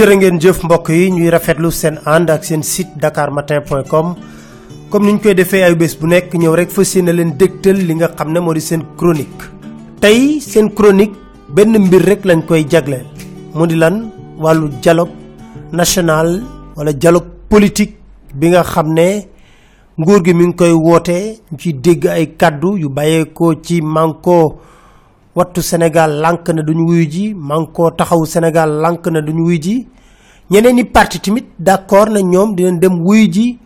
jërë ngeen jëf mbokk yi ñuy rafetlu seen ànd ak seen site dakarmatin.com comme niñ koy defee ay bés bu nekk ñëw rek fas yéene leen dégtal li nga xam ne moo di seen chronique tey seen chronique benn mbir rek lañ koy jagleel mu di lan wàllu dialogue national wala dialogue politique bi nga xam ne nguur gi mi ngi koy woote ci dégg ay kaddu yu bàyyeekoo ci manko wattu Senegal lank na duñ wuyu ji manko taxaw sénégal lank na duñ wuyu ji ñeneen ni parti timit d'accord na ñoom dinañ dem wuyu ji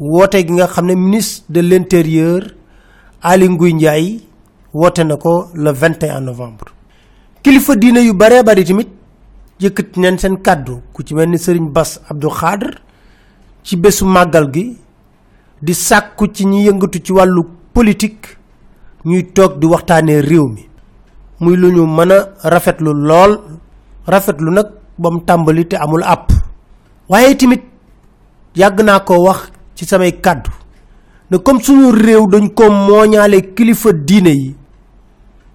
woote gi nga xam ne ministre de l'intérieur ali nguy ndiaye woote na ko le 21 novembre kilifa diina yu bare bari timit yëkëti nañ seen kàddu ku ci sëriñ bas abdou xaadr ci bésu màggal gi di sàkku ci ñi yëngatu ci wàllu politique ñuy toog di waxtaanee réew mi muy lu ñu mën a rafetlu lool rafetlu nak bam tambali te amul app waaye timit yag na ko wax ci samay kàddu ne comme suñu réew dañ ko moñalé kilifa diiné yi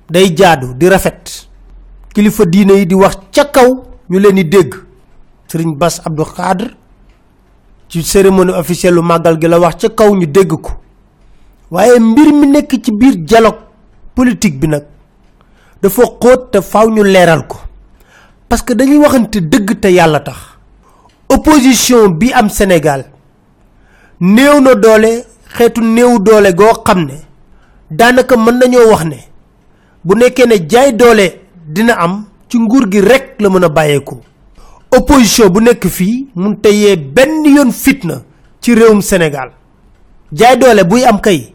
day jaadu di rafet kilifa diiné yi di wax ca kaw ñu leen dégg sëriñ bas abdou khadr ci cérémonie officielle magal gi la wax ca kaw ñu dégg ko waaye mbir mi nekk ci bir dialogue politique bi nak dafa xóot te faaw ñu leeral ko parce que dañuy waxante dëgg te yàlla tax opposition bi am Senegal, néew na doole xeetu néew doole goo xam ne daanaka mën nañoo wax ne bu nekkee ne jaay doole dina am ci nguur gi rek la mën a bàyyeekoo opposition bu nekk fii mun benn fitna ci réewum sénégal jaay doole buy am kay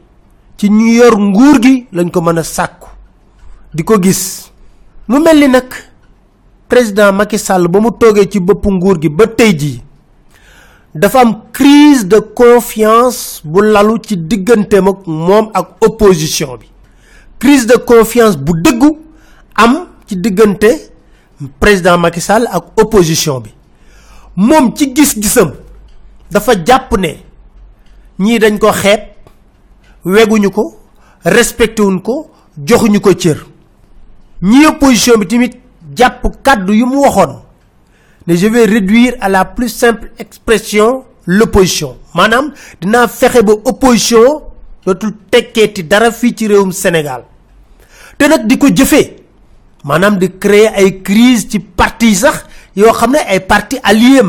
ci ñu yor nguur gi lañ ko mën a di gis mu mel ni nag président Macky Sall ba mu ci nguur gi ba ji dafa am crise de confiance bu lalu ci digganteem ak moom ak opposition bi crise de confiance bu am ci diggante président Macky Sall ak opposition bi moom ci gis-gisam dafa jàpp ne ñii dañ ko xeeb ko respecté wuñ ko joxuñu ko cër opposition bi je vais réduire à la plus simple expression l'opposition manam que l'opposition bo opposition qui teketi dara le ci réewum Sénégal té nak di jëfé manam de créer ay crise ci parti sax yo xamné parti allié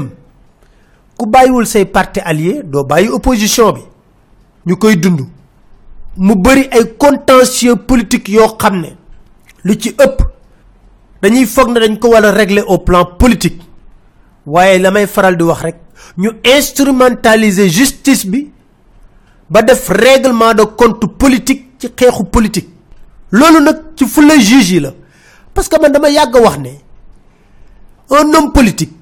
ku bayiwul say parti allié do opposition bi ñukoy d'undu mu contentieux politique lu ci ëpp dañuy foog ne dañ ko war régler au plan politique waaye la may faral di wax rek ñu instrumentaliser justice bi ba def règlement de compte politique ci xeexu politique loolu nag ci fulla juge yi la parce que man dama yàgg wax ne un homme politique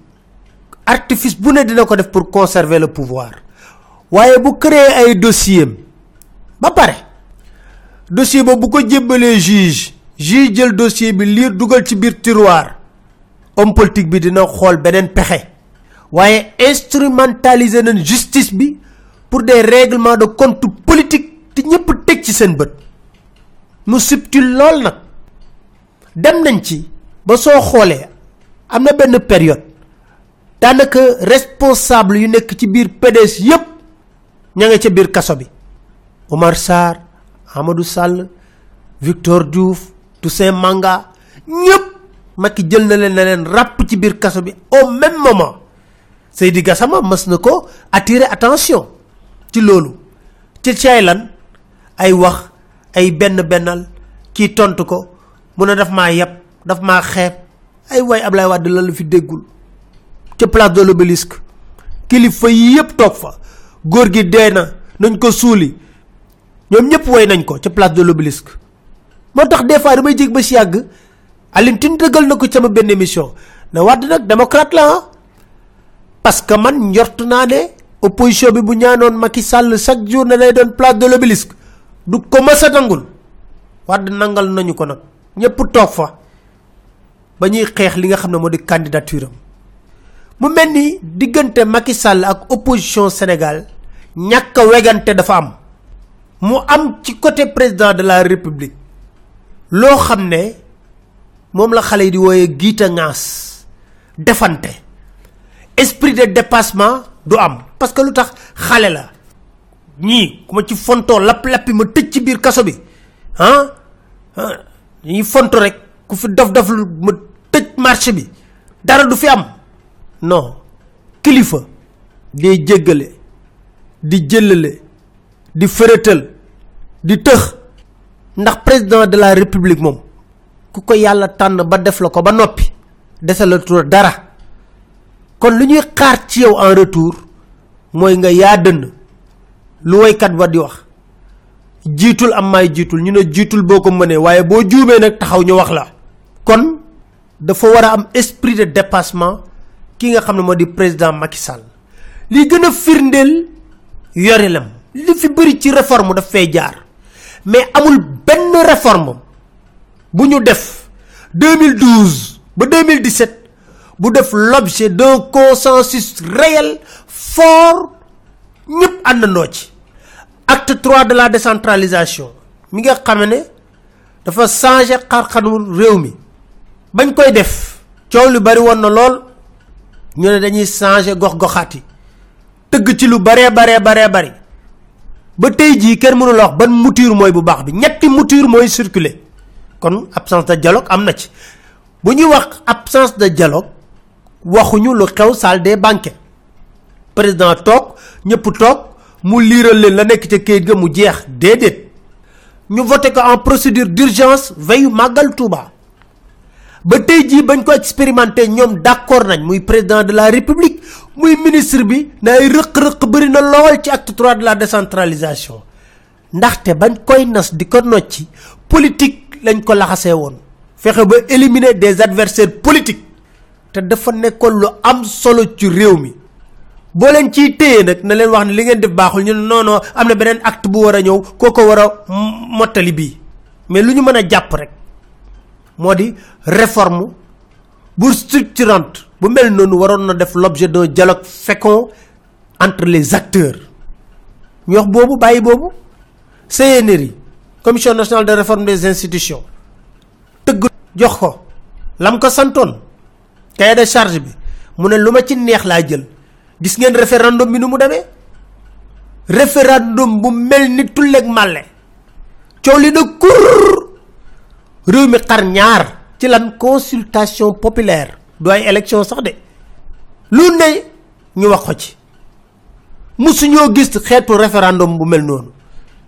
artifice bu ne dina ko def pour conserver le pouvoir waaye bu créer ay dossier ba pare dossier boobu bu ko jébbalee juge ji jël dossier bi lire dugal ci bir tiroir homme politique bi dina xol benen pexé waye instrumentaliser nañ justice bi pour des règlements de compte politique ti ñepp tek ci seen bëtt mu subtil lool nak dem nañ ci ba so xolé amna benn période daanaka responsable yu nekk ci biir PDS yépp ña nga ca biir kaso bi Omar Sar, Amadou Sall Victor Diouf Toussaint Manga ñep makijol jël na leen na leen rap ci bir kasso bi au même moment Seydi Gassama mas na ko attirer attention ci lolu ci cay lan ay wax ay ben benal ki tontu ko mu daf ma yeb daf ma xeb ay way ablay wad lan la fi deggul ci place de l'obélisque kilifa yeb tok fa gor gi deena ko souli ñom ñep way nañ ko ci place de l'obélisque motax des fois damay jig ba ci yag alin tin deugal nako ci ma ben émission na wad nak démocrate la ah. parce que man njort naa ne opposition bi bu ñaanon Macky Sall chaque jour na lay don place de l'obélisque du ko sa nangul wad nangal nañu ko nak ñepp tok fa ba ñuy li nga xamne modi candidature am mu melni digënté Macky Sall ak opposition Sénégal ñaka wéganté dafa am mu am ci côté président de la république Lo xam ne moom la xale yi di ngas giita ŋaas defante esprit de dépassement du am parce que lu tax xale la ñii ku ci fonto lap lappi ma tëj ci biir kaso bi ah, ah ñi fonto rek ku fi dof dof ma tëj marché bi dara du fi am non kilifa day jéggale di jëlale di fërëtal di tëx ndax président de la république moom ku ko yàlla tànn ba def la ko ba noppi desalatul dara kon lu ñuy xaar ci yow en retour mooy nga yaa dënn lu woykat ba di wax jiitul am maay jiitul ñu ne jiitul boo ko mënee waaye boo juumee taxaw ñu wax la kon dafa war am esprit de dépassement ki nga xam ne di président Macky Sall li gën a firndeel yorelam li fi bëri ci réforme daf fay jaar mais amul benn réforme bu ñu def 2012 ba 2017 bu def l'objet d'un consensus réel fort ñëpp àndandoo ci acte 3 de la décentralisation mi nga xam ne dafa changer xarxanu réew mi bañ koy def coow lu bari woon na lool ñu ne dañuy changer gox goxaat tëgg ci lu bare bare bare bari ba tey jii kenn mënul wax ban mouture mooy bu baax bi ñetti mouture mooy circuler kon absence de dialogue am na ci bu ñu wax absence de dialogue waxuñu lu xew sal des banquet président toog ñëpp toog mu liiral leen la nekk ca kayit ga mu jeex déedéet ñu voté ko en procédure d'urgence veille màggal touba ba tey jii bañ ko expérimenté ñoom d' accord nañ muy président de la république muy ministre bi na ay rëq-rëq bëri na lool ci acte 3 de la décentralisation ndaxte bañ koy nas di ko nocci politique lañ ko laxasee woon fexe ba éliminer des adversaires politiques te dafa nekkoon lu am solo ci réew mi boo leen ciy téye nag na leen wax ne li ngeen def baaxul ñu non non am na beneen acte bu war a mais rek moo di réforme bu structurante bu mel noonu waroon na def l'objet d'un dialogue fécond entre les acteurs ñu wax boobu bàyyi boobu CNRI commission nationale de réforme des institutions tëgg jox ko lam ko santoon cahier de charge bi mu ne lu ma ci neex laa jël gis ngeen référendum bi nu mu demee référendum bu mel ni tulleeg màlle coow li na réew mi xar ñaar ci lan consultation populaire du ay élection sax de lu ne ñu wax ko ci musu ñoo gis xeetu référendum bu mel noonu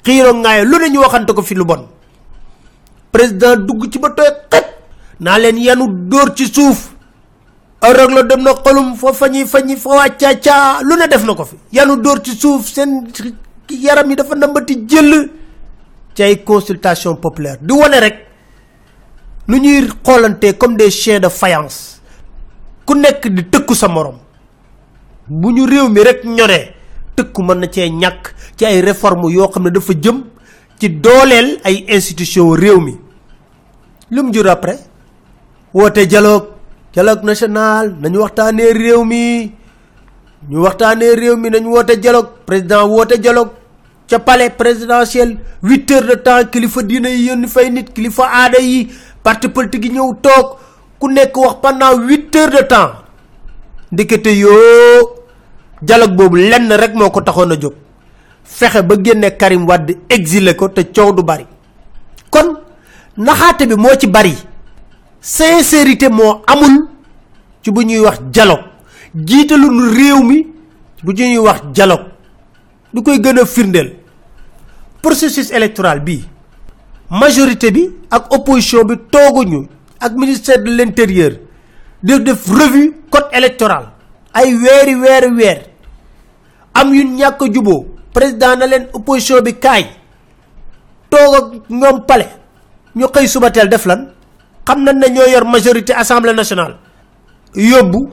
xiiro ngaay lu ne ñu waxante ko fi lu kan bon président dugg ci ba toy xet naa leen yanu dóor ci suuf ërëg la dem na xolum fa fañi fañi fa cha cha lu ne def na ko fi yanu dóor ci suuf seen yaram yi dafa nambati jël ci ay consultation populaire di wone rek lu ñuy xolante comme des chiens de faïence ku nekk di tekku sa morom bu ñu réew mi rek ñoré tekku mën na cee ñàkk ci ay réforme yoo xam ne dafa jëm ci dooleel ay institution réew mi lu mu jur après woote dialogue dialogue national nañu waxtaanee réew mi ñu waxtaanee réew mi nañu woote dialogue président woote dialogue ca palais présidentiel 8 heures de temps kilifa yi yónni fay nit kilifa aada yi parti politique utok tok ku nekk wax pendant 8 heures de temps ndikete yo dialogue bobu lenn rek moko ko jog fexé ba génné karim Wad exilé ko te ciow du bari kon naxaté bi mo ci bari sincérité mo amul ci bu ñuy wax dialogue jiitalu nu réew mi bu ñuy wax dialogue du koy processus électoral bii majorité bi ak opposition bi toguñu ak ministère de l'intérieur de def revue code électoral ay wéri wéri wér am yu ñak jubo président na len opposition bi kay tog ak ñom palais ñu xey suba tel def lan xam nañ na ñoo yor majorité assemblée nationale yobbu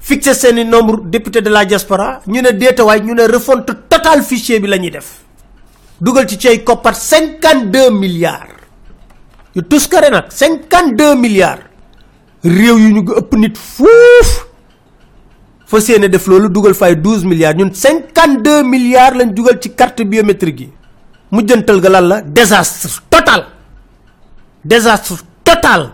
fixer seen nombre député de la diaspora ñu ne ñu ne refonte total fichier bi lañuy def dugal ci cey koppar 52 milliards yu carré nak 52 milliards réew yu ñu ëpp nit fouf fa seene def lolu dugal fay 12 milliards ñun 52 milliards lañ dugal ci carte biométrique mu jëntal ga lan la désastre total désastre total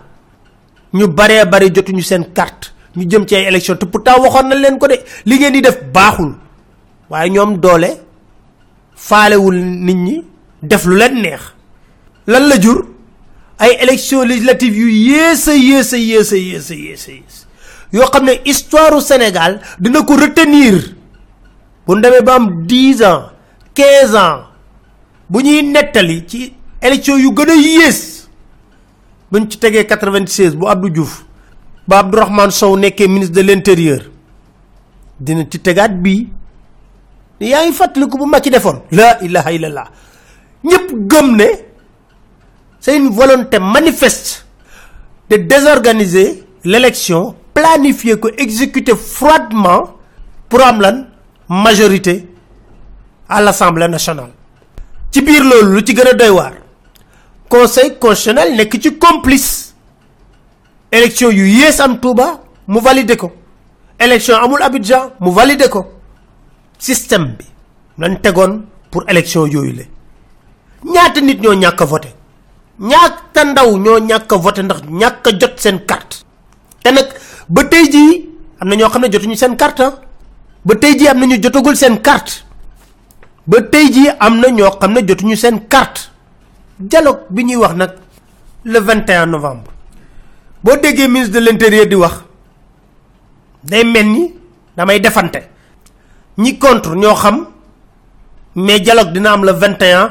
ñu bare bare ñu sen carte ñu jëm ci ay élection te pourtant waxon nañ leen ko de li ngeen di def baxul waye ñom doolé faalewul nit ñi def lu leen neex lan la jur ay élections législatives yu y a yées a yées yes, histoire au Sénégal dina ko retenir bu ñu demee ba ans 15 ans bu ñuy nettali ci élections yu gën a yées buñ ci tegee 96 bu Abdou Diouf ba Abdourahmane Sow ministre de l'intérieur dina ci tegaat bii yaa ngi a bu ci defoon la ilaha illallah ñëpp gëm ne c'est une volonté manifeste de désorganiser l'élection planifier ko exécuter froidement pour am majorité à l'Assemblée nationale ci biir loolu lu ci gën doy conseil constitutionnel nekk ci complice élection yu yées am Touba mu élection amul Abidjan mu valider système bi lan tegon pour élection yoyu le ñaata nit ñoo ñaka voter ñaata ndaw ñoo ñaka voter ndax ñaka jot sen carte té nak ba tay ji amna ño xamné jotuñu sen ah. carte ba tay ji amna ñu jotagul sen carte ba tay ji amna ño xamné jotuñu sen carte dialogue bi ñuy wax nak le 21 novembre bo déggé ministre de l'intérieur di wax day melni damay défanté ñi contre ño xam mais dialogue dina am le 21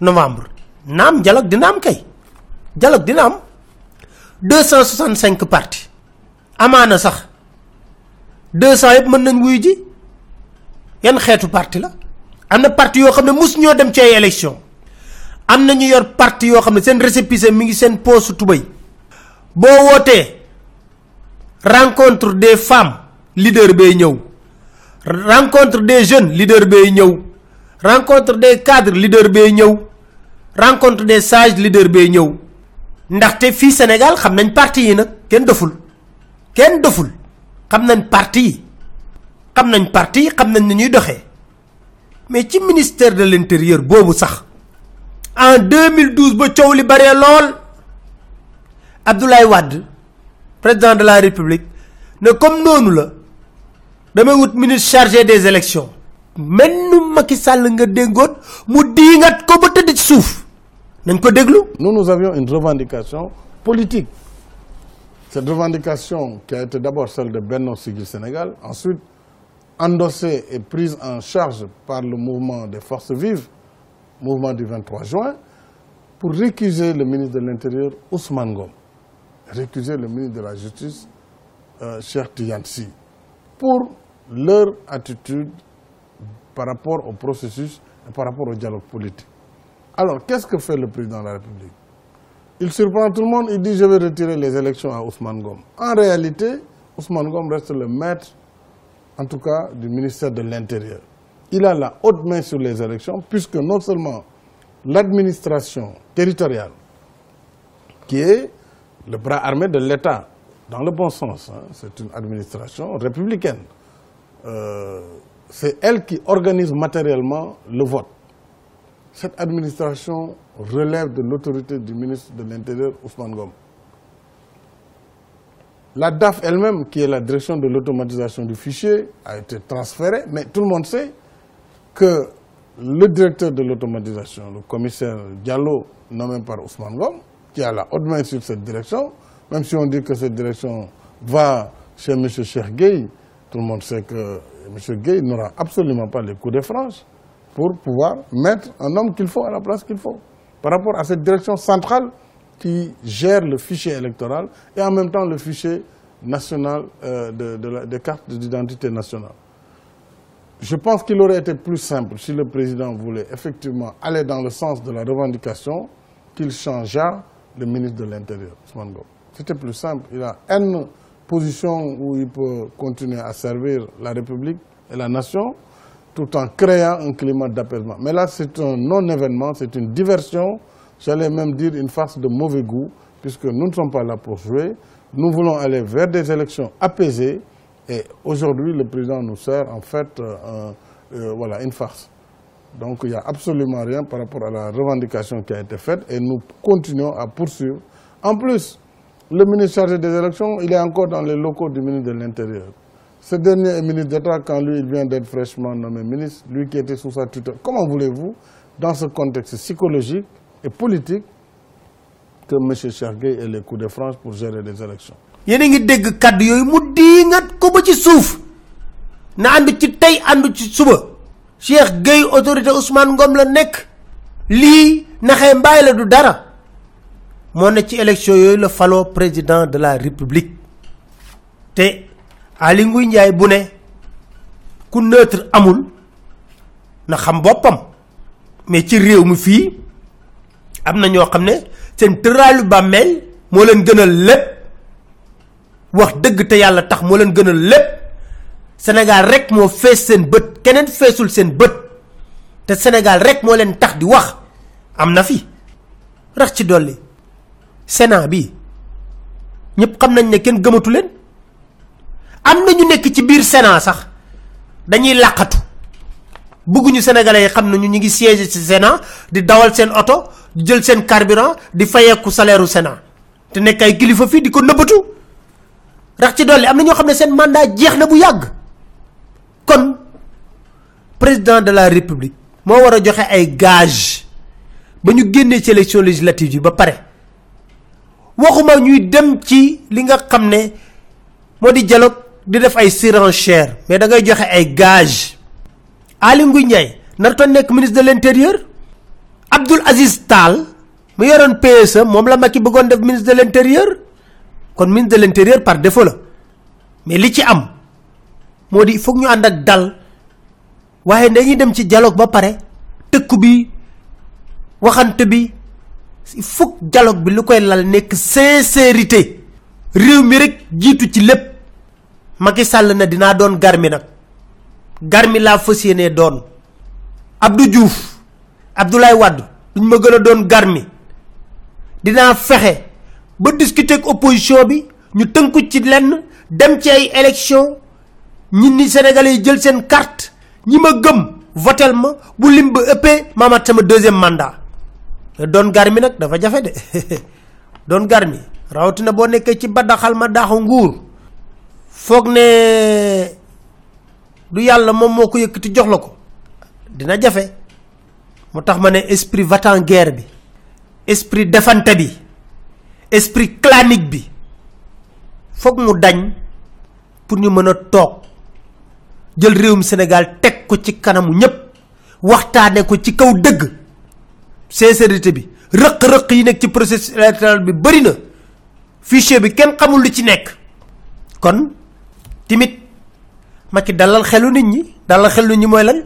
novembre nam dialogue dina am kay dialogue dina am 265 parti amana sax 200 yeb meun nañ wuy ji yan xeetu parti la amna parti yo xamne mus ñoo dem ci ay élection amna ñu yor parti yo xamne sen récépissé mi ngi sen poste tubay bo woté rencontre des femmes leader bay ñew rencontre des jeunes leader bay ñew rencontre des cadres leader bay ñew rencontre des sages leader bay ñew ndaxte fi sénégal xam nañ parti yi nak ken deful ken deful xam nañ parti yi xam nañ parti xam nañ ñuy doxé mais ci ministère de l'intérieur bobu sax en 2012 ba ciow li bare lol abdoulaye wad président de la république ne comme nonu la ministre chargé des élections nous nous avions une revendication politique cette revendication qui a été d'abord celle de Benno Sigil Sénégal ensuite endossée et prise en charge par le mouvement des forces vives mouvement du 23 juin pour récuser le ministre de l'Intérieur Ousmane Gom, récuser le ministre de la Justice euh, Cheikh pour leur attitude par rapport au processus et par rapport au dialogue politique. Alors, qu'est-ce que fait le président de la République Il surprend tout le monde, il dit « je vais retirer les élections à Ousmane Gom ». En réalité, Ousmane Gom reste le maître, en tout cas, du ministère de l'Intérieur. Il a la haute main sur les élections, puisque non seulement l'administration territoriale, qui est le bras armé de l'État, dans le bon sens, hein, c'est une administration républicaine, euh, c'est elle qui organise matériellement le vote. Cette administration relève de l'autorité du ministre de l'Intérieur, Ousmane Gom. La DAF elle-même, qui est la direction de l'automatisation du fichier, a été transférée, mais tout le monde sait que le directeur de l'automatisation, le commissaire Diallo, nommé par Ousmane Gom, qui a la haute main sur cette direction, même si on dit que cette direction va chez M. Cheikh tout le monde sait que M. Gay n'aura absolument pas les coups de France pour pouvoir mettre un homme qu'il faut à la place qu'il faut. Par rapport à cette direction centrale qui gère le fichier électoral et en même temps le fichier national euh, des cartes d'identité nationale. Je pense qu'il aurait été plus simple si le président voulait effectivement aller dans le sens de la revendication qu'il changeât le ministre de l'Intérieur, C'était plus simple. Il a un nom position où il peut continuer à servir la République et la nation, tout en créant un climat d'apaisement. Mais là, c'est un non-événement, c'est une diversion, j'allais même dire une farce de mauvais goût, puisque nous ne sommes pas là pour jouer. Nous voulons aller vers des élections apaisées, et aujourd'hui, le président nous sert en fait euh, euh, voilà, une farce. Donc il n'y a absolument rien par rapport à la revendication qui a été faite, et nous continuons à poursuivre. En plus, le ministre chargé des élections, il est encore dans les locaux du ministre de l'Intérieur. Ce dernier est ministre d'État quand lui, il vient d'être fraîchement nommé ministre, lui qui était sous sa tutelle. Comment voulez-vous, dans ce contexte psychologique et politique, que M. Chargé ait les coups de France pour gérer les élections Cheikh Gueye autorité Ousmane Ngom la du dara moo ne ci élection yooyu la faloo président de la république te ali njaay bu ne ku neutre amul na xam boppam mais ci réew mi fii am na ñoo xam ne seen tëraalu bàmmeel moo leen gënal lépp wax dëgg te yàlla tax moo leen gënal lépp sénégal rek moo fees seen bët keneen feesul seen bët te sénégal rek moo leen tax di wax am na fi rax ci dolli sénat bi ñëpp xam nañ ne kenn gëmatu leen am na ñu nekk ci biir sénat sax dañuy làqatu bëgguñu sénégalais yi xam ñu ngi siège ci sénat di dawal seen oto di jël seen carburant di fayeeku salaire sénat te nekk ay kilifa fii di ko nëbbatu rax ci dolli am na ñoo xam ne seen mandat jeex na bu yàgg kon président de la république moo war a joxe ay gage ba ñu génnee ci élection législative ba pare waxuma ñuy dem ci li nga xamne modi jalo di di def ay surenchère mais da ngay joxe ay gage ali nguy ñay nek ministre de l'intérieur abdul aziz tal mu yoron psa e mom la maki bëggon def ministre de l'intérieur kon ministre de l'intérieur par défaut la mais li ci am modi di ñu dal waye dañuy dem ci dialogue ba pare tekk bi waxante bi il faut dialogue bi lu koy lal nek sincérité réew mi rek jiitu ci lépp Macky Sall na dinaa doon garmi nak garmi la fas yéenee doon Abdou Diouf Abdoulaye Wade duñ ma gën a garmi dinaa fexe ba discuter ak opposition bi ñu tënku ci lenn dem ci ay élection ni sénégalais jël sen carte ñi gëm votel ma bu lim ba deuxième mandat Don garmi nak, dafa jafe de Don garmi rawatina bo nekk ci badaxal ma daxu nguur foog ne du yàlla moom moo ko yëkkati jox la ko dina jafe mu tax ma ne esprit vatan guerre bi esprit defante bi esprit clanique bi foog mu dañ pour ñu mën a toog jël réewum sénégal teg ko ci kanamu ñëpp waxtaane ko ci kaw dëgg sincérité bi rëq rëq yi nekk ci processus électoral bi bari na fichier bi kenn xamul lu ci nekk kon timit maki dalal xelu nit ñi dalal xelu nit ñi mooy lan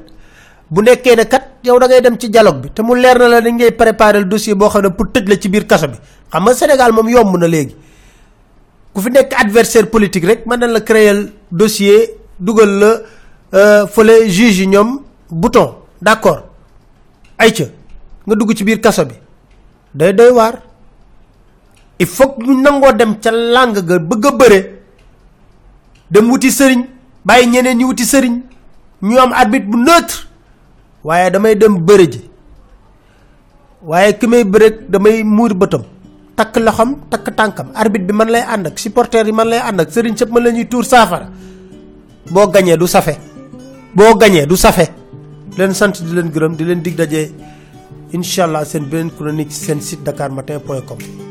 bu nekkee ne kat yow da ngay dem ci dialogue bi te mu leer na la ni ngay préparer dossier boo xam ne pour tëj la ci biir kaso bi xam nga sénégal moom yomb na léegi ku fi nekk adversaire politique rek mën la créer dossier dugal la euh, fële juge yi ñoom bouton d' ay ca nga dugg ci biir kaso bi day doy war il faut ñu nangoo dem ca làng ga bëgg a bëre dem wuti sëriñ bàyyi ñeneen ñi wuti sëriñ ñu am arbitre bu neutre waaye damay dem bëre ji waaye ki may bëre damay muur bëtam tak loxam tak tankam arbitre bi man lay and ak supporter yi man lay and ak sëriñ cep man lañuy tour safara bo gagné du safé bo gagné du safé len sante di len gërëm di len dig dajé incha sen ben chronique sen site dakar matin